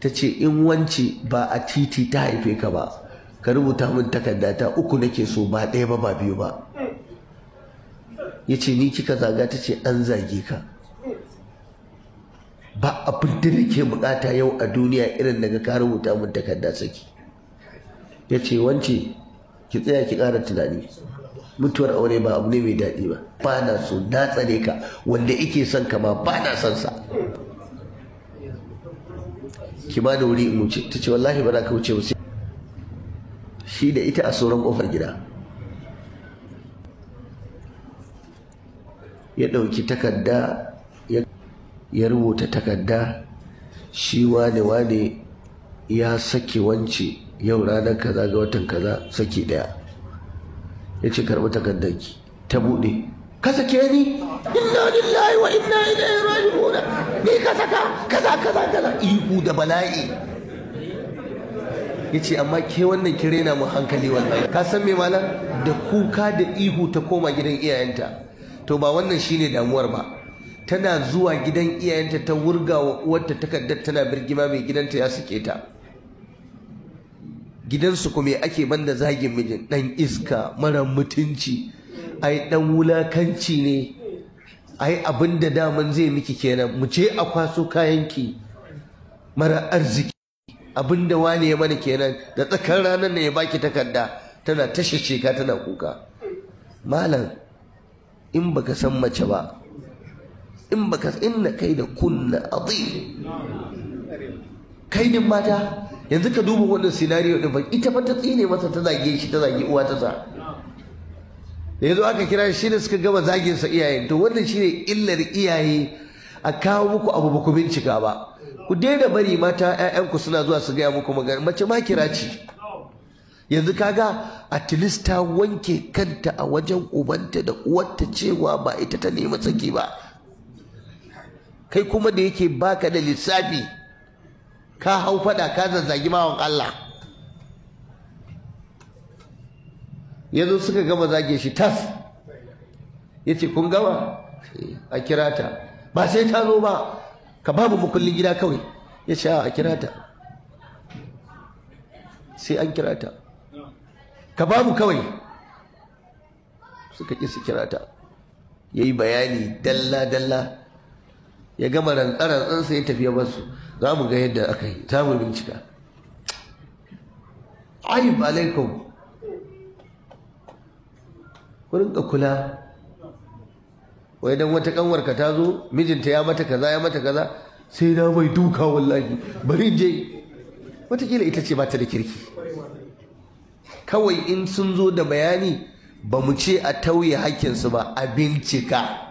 ta ce in wanci ba a titi ta haife ka ba ka rubuta min takarda ta uku nake so ba ɗaya ba ba biyu ba ya ce ni kika zaga ta ce an zage ka ba abin da nake bukata yau a duniya irin daga ka rubuta min takarda saki ya ce wance ki tsaya ki ƙara tunani mutuwar aure ba abu ne mai daɗi ba ba na so na tsare ka wanda ike son ka ma ba na son sa ki ba da wuri in wuce ta ce wallahi ba za ka wuce wuce shi da ita a sauran kofar gida ya ɗauki takarda ya rubuta takarda shi wane wane ya sake wance yau ranar kaza ga watan kaza saki daya ya ce karɓi ki ta buɗe ka sake ni inna lillahi wa inna ilaihi raji'un ni ka saka kaza kaza kaza ihu da bala'i yace amma ke wannan ki rena mu hankali wallahi ka san me malam da kuka da ihu ta koma gidan iyayenta to ba wannan shine damuwar ba tana zuwa gidan iyayenta ta wurga wa uwarta takardar tana birgima mai gidanta ya suke ta gidansu kuma ake banda zagin mijin dan iska mara mutunci yi dan wulakanci ne yi abin da daman zai miki kenan mu ce a kwaso kayanki mara arziki abin da wani ya mana kenan da tsakar ranar ne ya baki takarda tana tashe sheka tana kuka malam in baka san mace ba in baka na kai da kunna azi. kai din mata yanzu ka duba wannan sinariyo din ba. ita fa ta tsine masa ta zage shi ta zage uwa ta sa da yazo aka kira shi ne suka gama zagin sa iyayen to wannan shine illar iyaye a kawo muku abu ba ku bincika ba ku daina bari mata ku suna zuwa su gaya muku magana mace ma kira ci. yanzu kaga at least ta wanke kanta a wajen ubanta da uwarta cewa ba ita ta nemi tsaki ba kai kuma da yake baka da lissafi ka hau fada ka zazzagi bawan Allah ya zo suka gama zage shi tas ya ce kun gama a kira ta ba sai ta zo ba ka babu mukullin gida kawai ya ce a kira ta sai an kira ta ka babu kawai suka ƙi su kira ta ya yi bayani dalla-dalla ya gama tafi ya tafiya basu za mu ga yadda aka yi za mu bincika ayyub alaikum ku rinka kula wai dan wata kanwarka ta zo mijinta ya mata kaza ya mata kaza sai na mai duka wallahi bari je watakila ita ce bata da kirki kawai in sun zo da bayani ba mu ce a tauye haƙƙinsu ba a bincika